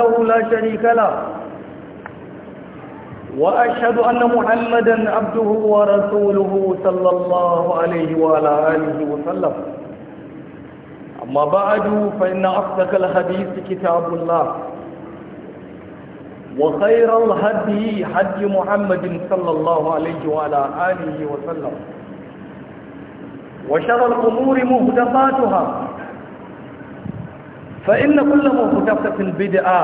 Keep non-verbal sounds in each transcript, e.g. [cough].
وحده لا شريك له وأشهد أن محمدا عبده ورسوله صلى الله عليه وعلى آله وسلم أما بعد فإن أصدق الحديث كتاب الله وخير الهدي هدي محمد صلى الله عليه وعلى آله وسلم وشر الأمور مهدفاتها فإن كل محدثة بدعة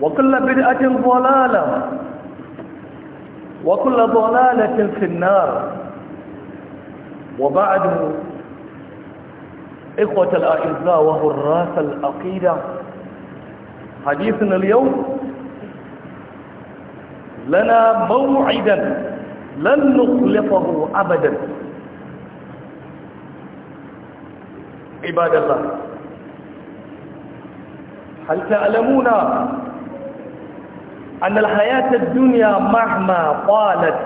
وكل بدعة ضلالة وكل ضلالة في النار وبعد إخوة الأعزاء وهراس الأقيدة حديثنا اليوم لنا موعدا لن نخلفه أبدا عباد الله هل تعلمون أن الحياة الدنيا مهما طالت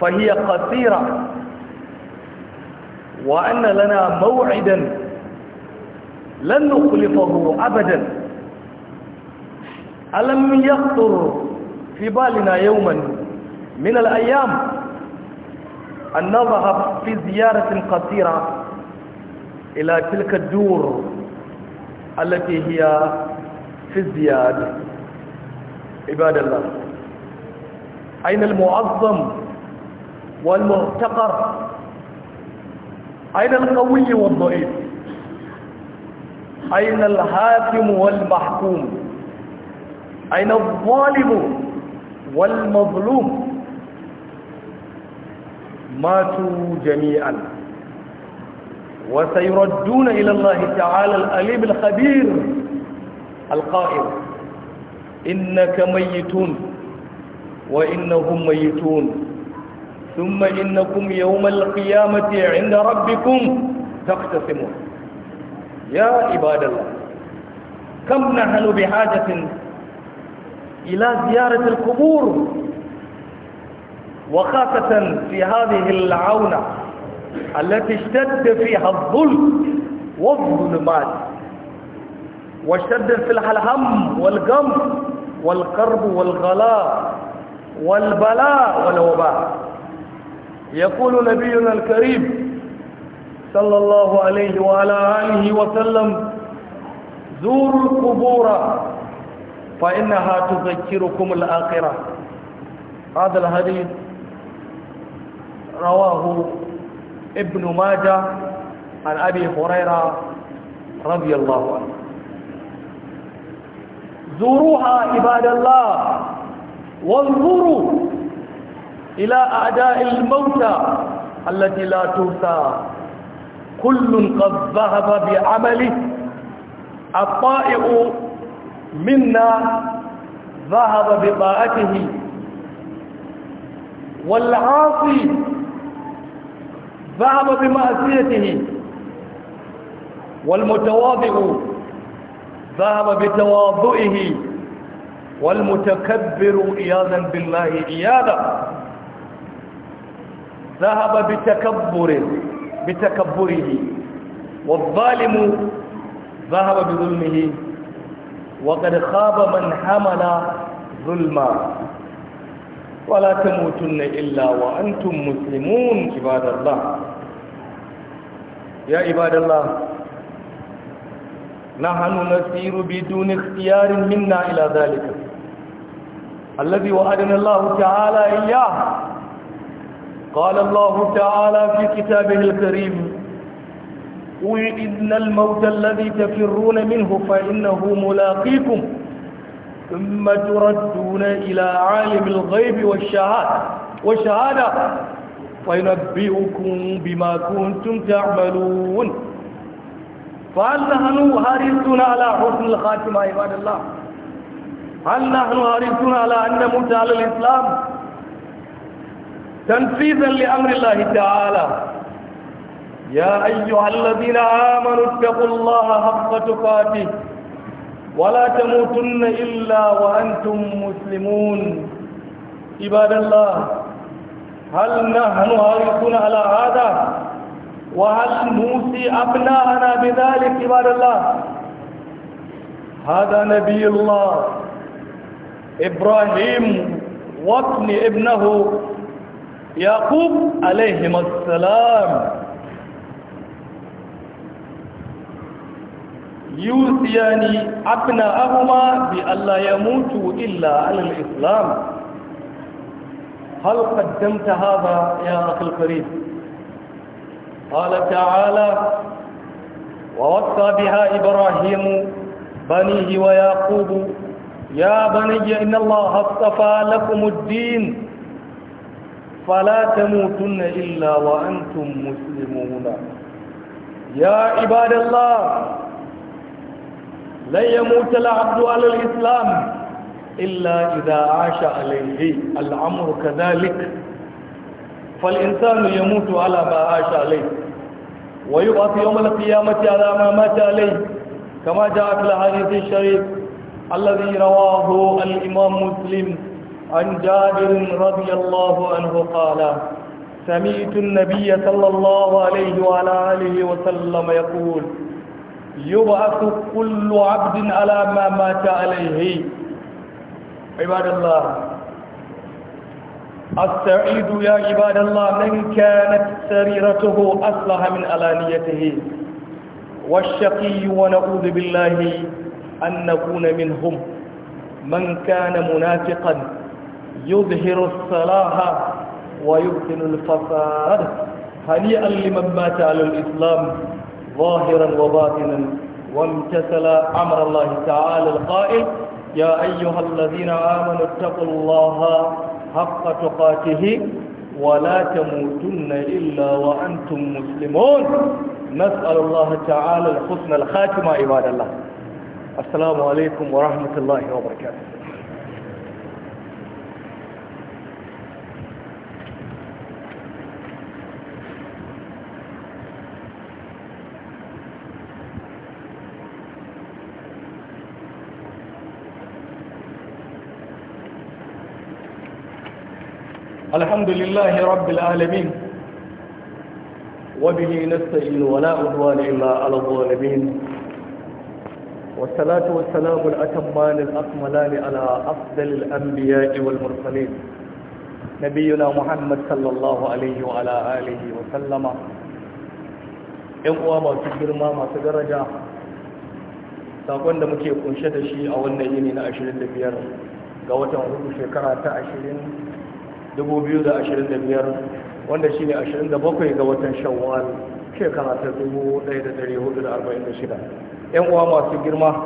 فهي قصيرة وأن لنا موعدا لن نخلفه أبدا ألم يخطر في بالنا يوما من الأيام أن نذهب في زيارة قصيرة إلى تلك الدور التي هي في الزيادة عباد الله أين المعظم والمعتقر أين القوي والضعيف أين الحاكم والمحكوم أين الظالم والمظلوم ماتوا جميعا وسيردون إلى الله تعالى الأليم الخبير القائل إنك ميتون وإنهم ميتون ثم إنكم يوم القيامة عند ربكم تقتسمون يا عباد الله كم نحن بحاجة إلى زيارة القبور وخاصة في هذه العونه التي اشتد فيها الظلم والظلمات واشتد فيها الهم والغم والقرب والغلاء والبلاء والوباء يقول نبينا الكريم صلى الله عليه وعلى آله وسلم زوروا القبور فإنها تذكركم الآخرة هذا الحديث رواه ابن ماجه عن أبي هريرة رضي الله عنه زوروها عباد الله وانظروا إلى أعداء الموتى التي لا ترثى كل قد ذهب بعمله الطائع منا ذهب بطاعته والعاصي ذهب بمعصيته والمتواضع ذهب بتواضعه والمتكبر عياذا بالله عياذا ذهب بتكبر بتكبره والظالم ذهب بظلمه وقد خاب من حمل ظلما ولا تموتن إلا وأنتم مسلمون عباد الله يا عباد الله نحن نسير بدون اختيار منا إلى ذلك الذي وعدنا الله تعالى إياه قال الله تعالى في كتابه الكريم قل إن الموت الذي تفرون منه فإنه ملاقيكم ثم تردون إلى عالم الغيب والشهادة والشهادة وينبئكم بما كنتم تعملون فهل نحن حريصون على حسن الخاتمة عباد الله هل نحن حريصون على أن نموت على الإسلام تنفيذا لأمر الله تعالى يا أيها الذين آمنوا اتقوا الله حق تقاته ولا تموتن إلا وأنتم مسلمون عباد الله هل نحن هاركون على هذا وهل نوصي أبناءنا بذلك عباد الله هذا نبي الله إبراهيم وابن ابنه يعقوب عليهما السلام يوصيان أبناءهما بأن لا يموتوا إلا على الإسلام هل قدمت هذا يا أخي الكريم قال تعالى ووصى بها إبراهيم بنيه ويعقوب يا بني إن الله اصطفى لكم الدين فلا تموتن إلا وأنتم مسلمون يا عباد الله لن يموت العبد على الإسلام إلا إذا عاش عليه الأمر كذلك فالإنسان يموت على ما عاش عليه ويبعث يوم القيامة على ما مات عليه كما جاء في الحديث الشريف الذي رواه الإمام مسلم عن جابر رضي الله عنه قال سمعت النبي صلى الله عليه وعلى آله وسلم يقول يبعث كل عبد على ما مات عليه عباد الله السعيد يا عباد الله من كانت سريرته أصلح من ألانيته والشقي ونعوذ بالله أن نكون منهم من كان منافقا يظهر الصلاح ويبطن الفساد هنيئا لمن مات على الإسلام ظاهرا وباطنا وامتثل أمر الله تعالى القائل يا أيها الذين آمنوا اتقوا الله حق تقاته ولا تموتن إلا وأنتم مسلمون نسأل الله تعالى الحسن الخاتمة عباد الله السلام عليكم ورحمة الله وبركاته الحمد لله رب العالمين وبه نستعين ولا عدوان إلا على الظالمين والصلاة والسلام الأتمان الأكملان على أفضل الأنبياء والمرسلين نبينا محمد صلى الله عليه وعلى آله وسلم ‘yan uwa ما ما تدرجا تقول sakon da muke kunshe da shi a wannan yini na 25 ga watan 2025 wanda shine 27 ga watan shawwal shekara ta 1446 yan uwa masu girma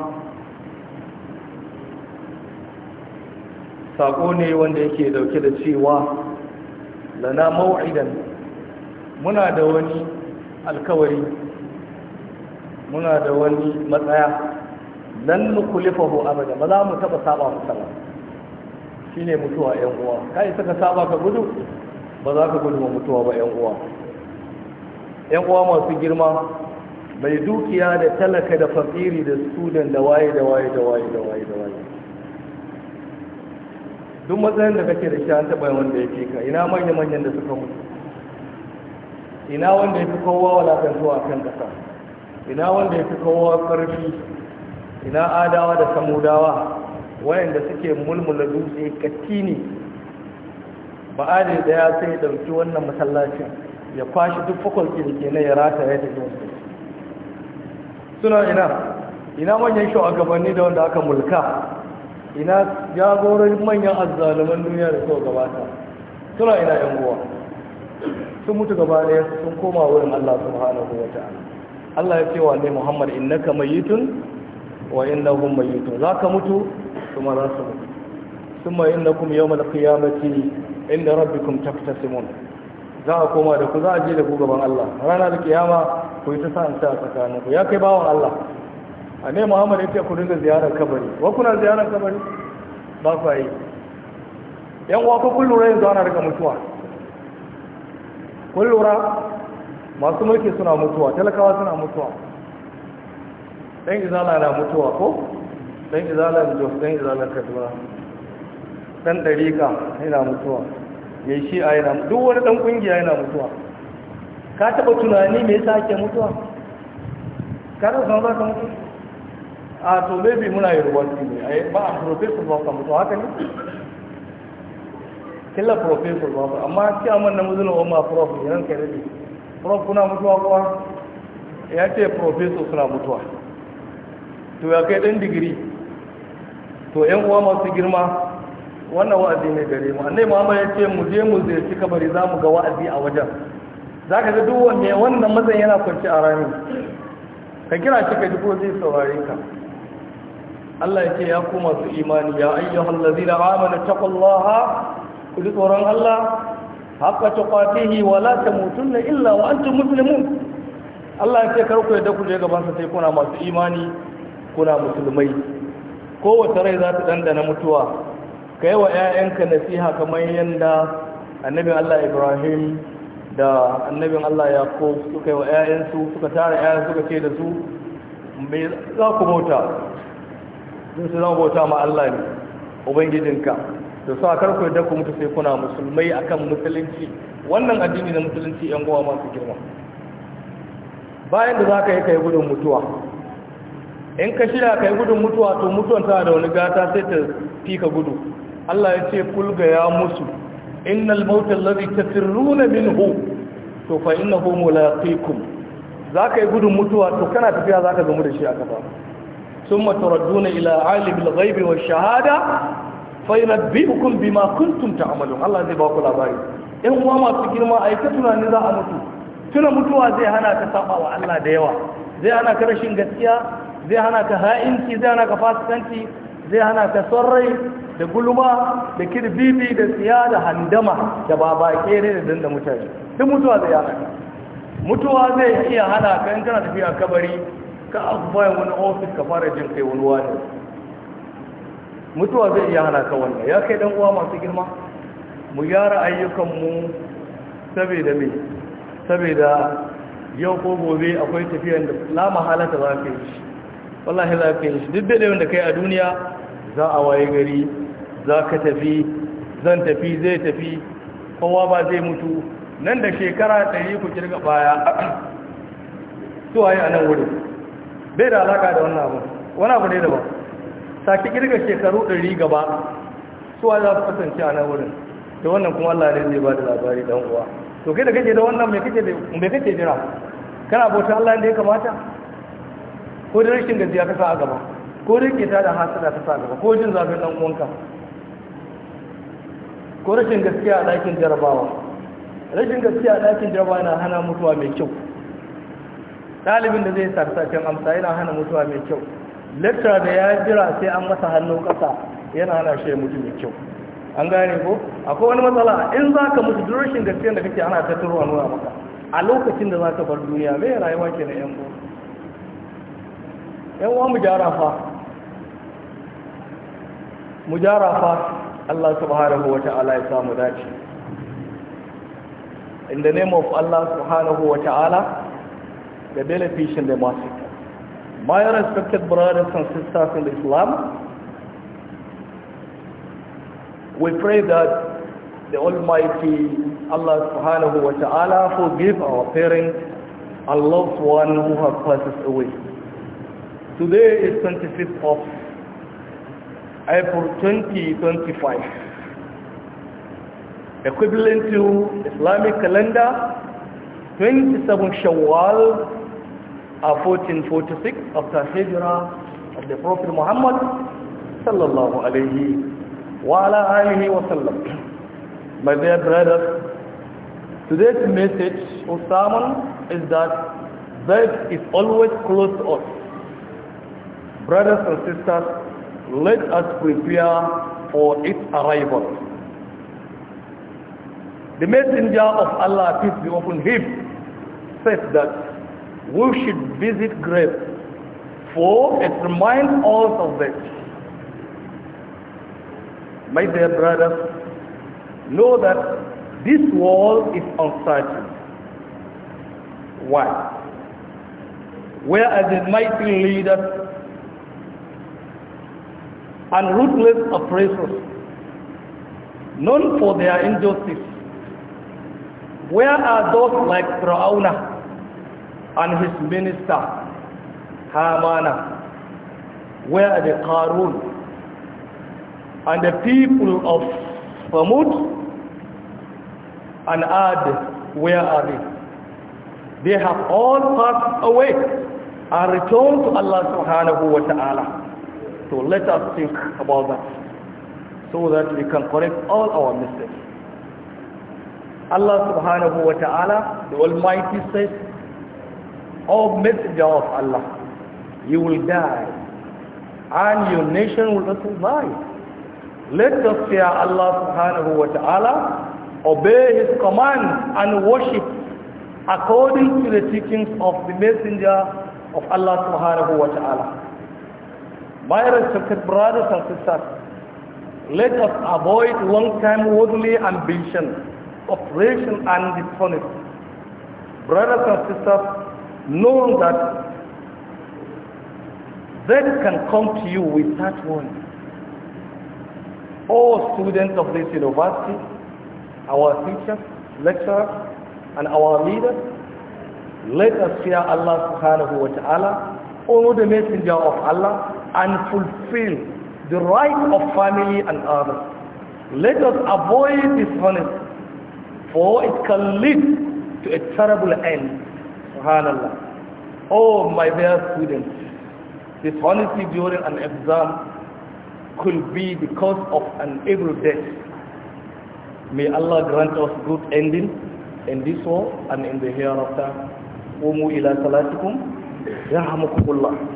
sako ne wanda yake dauke da cewa lana mau'idan muna da wani alkawari muna da wani matsaya lan nukulifahu abada ba za mu taba saba musamman shine mutuwa yan uwa kai saka saba ka gudu ba za ka gudu mutuwa ba yan uwa yan uwa masu girma mai dukiya da talaka da fakiri da sudan da waye da waye da waye da waye da waye duk matsayin da kake da shi an taɓa wanda ya fi ka ina manya manyan da suka mutu ina wanda ya fi kowa walakantuwa a kan ƙasa ina wanda ya fi kowa ƙarfi ina adawa da samudawa wayanda suke mulmula dutse ne ba adil daya sai dauki wannan masallacin ya kwashi duk fakulti da ke na ya rata ya tafi wasu suna ina ina manyan shugabanni da wanda aka mulka ina jagorin manyan azzaluman duniya da suka gabata suna ina yan uwa sun mutu gaba ɗaya sun koma wurin Allah subhanahu wa ta'ala Allah ya ce wa ne Muhammad innaka mayitun wa innahum Za ka mutu kuma za su mutu summa innakum yawmal qiyamati inda rabbikum simon za a koma da ku za a je da ku gaban Allah Rana da kiyama ku yi ta sa'an sa tsakanin ku ya kai bawan Allah a ne Muhammad ce ku dinga ziyarar kabari wa kuna ziyarar kabari ba ku yi yan uwa ko kun lura yanzu ana daga mutuwa kun lura masu mulki suna mutuwa talakawa suna mutuwa ɗan izala na mutuwa ko dan izalar jos dan izalar kaduna dan dariƙa yana mutuwa ya yi shi'a yana duk wani dan kungiya yana mutuwa ka taɓa tunani me yasa ake mutuwa ka da san za ka mutu a to maybe muna yi ruwanci ne ba a professor ba ka mutu haka ne killa professor ba amma chairman na muzulun umma prof ran kare ne prof kuna mutuwa kuwa ya ce professor suna mutuwa to ya kai dan digiri to yan uwa masu girma wannan wa'azi ne gare mu annai muhammad ya ce mu je mu ziyarci kabari za mu ga wa'azi a wajen za ka ga duk wanda wannan mazan yana kwanci a rami ka kira shi ka ji ko zai saurare ka Allah ya ce ya ku masu imani ya ayyuhal ladzina amanu taqullaha ku ji tsoron Allah haqqa tuqatihi wa la tamutunna illa wa antum muslimun Allah ya ce kar ku yadda ku je gaban sa sai kuna masu imani kuna musulmai kowace rai za ta dandana mutuwa ka yi wa 'ya'yanka nasiha kamar yadda annabin Allah Ibrahim da annabin Allah Yaqub suka yi wa 'ya'yansu suka tara 'ya'yan suka ce da su me za ku bauta sun su zama bauta ma Allah ne ubangijinka da su sa ku da ku mutu sai kuna musulmai akan musulunci wannan addini na musulunci yan gowa masu girma bayan da za ka yi ka yi gudun mutuwa in ka shirya kai gudun mutuwa to mutuwan tana da wani gata sai ta fika gudu Allah ya ce kulga ya musu innal mauta allazi tafirruna minhu to fa innahu mulaqikum zaka yi gudun mutuwa to kana tafiya zaka gamu da shi a kafa summa turadduna ila alimil ghaibi wash shahada fa yunabbiukum bima kuntum ta'malun Allah zai ba ku labari in uwa masu girma a ta tunani za a mutu tuna mutuwa zai hana ka saba wa Allah da yawa zai hana ka rashin gaskiya zai hana ka ha'inci zai hana ka fasikanci zai hana ka sarrai da gulma da kirbibi da tsiya da handama da baba kere da danda mutane duk mutuwa zai hana ka mutuwa zai iya hana ka in kana tafiya kabari ka aku bayan wani ofis ka fara jin kai wani wani mutuwa zai iya hana ka wannan ya kai dan uwa masu girma mu gyara ayyukanmu saboda me saboda yau ko gobe akwai tafiyar da la mahala ta za ka yi wallahi za ka yi shi duk daɗewan da kai a duniya za a waye gari za ka tafi zan tafi zai tafi kowa ba zai mutu nan da shekara ɗari ku kirga baya su waye a nan wurin bai da alaƙa da wannan abu wani abu ne da ba ki kirga shekaru ɗari gaba su waye za su kasance a nan wurin da wannan kuma Allah ne zai ba da labari dan uwa to kai da kake da wannan me kake jira kana bauta Allah inda ya kamata ko da rashin gajiya ka sa a gaba ko ta da hasada ta sa gaba ko jin zafin dan uwanka ko rashin gaskiya a ɗakin jarabawa rashin gaskiya a ɗakin jarabawa yana hana mutuwa mai kyau ɗalibin da zai sarsashen amsa yana hana mutuwa mai kyau lecturer da ya jira sai an masa hannu ƙasa yana hana shi mutu mai kyau an gane ko akwai wani matsala in za ka mutu duk rashin gaskiya da kake ana tattaro a nuna maka a lokacin da za ka bar duniya mai rayuwa ke na yan boko? yan uwa mu gyara Allah subhanahu wa ta'ala ya samu dace in the name of Allah subhanahu wa ta'ala the and the masjid my respected brothers and sisters in Islam we pray that the Almighty Allah subhanahu wa ta'ala forgive our parents and loved one who have passed away. Today is 25th of April 2025. Equivalent to Islamic calendar, 27 Shawwal, 1446 uh, after Hijrah of the Prophet Muhammad sallallahu alayhi wa ala alihi wa sallam. [coughs] My dear brothers, today's message or sermon is that death is always close to us. Brothers and sisters, let us prepare for its arrival. The messenger of Allah, peace be upon him, said that we should visit grave for it reminds us of it. My dear brothers, know that this world is uncertain. Why? Whereas the mighty leaders and ruthless oppressors, known for their injustice. Where are those like Fir'auna and his minister, Hamana? Where are the Qarun and the people of Famut and Ad? Where are they? They have all passed away and returned to Allah subhanahu wa ta'ala. So let us think about that so that we can correct all our mistakes. Allah subhanahu wa ta'ala, the Almighty says, O oh, messenger of Allah, you will die and your nation will not survive. Let us fear Allah subhanahu wa ta'ala, obey his commands and worship according to the teachings of the messenger of Allah subhanahu wa ta'ala. Brothers and brothers and sisters, let us avoid long-time worldly ambition, oppression and dishonesty. Brothers and sisters, know that they can come to you with that warning. All students of this university, our teachers, lecturers, and our leaders, let us fear Allah subhanahu wa ta'ala, all the messenger of Allah, and fulfill the right of family and others. Let us avoid dishonesty, for it can lead to a terrible end. Subhanallah. Oh, my dear students, dishonesty during an exam could be the cause of an evil death. May Allah grant us good ending in this world and in the hereafter. قوموا إلى صلاتكم يرحمكم الله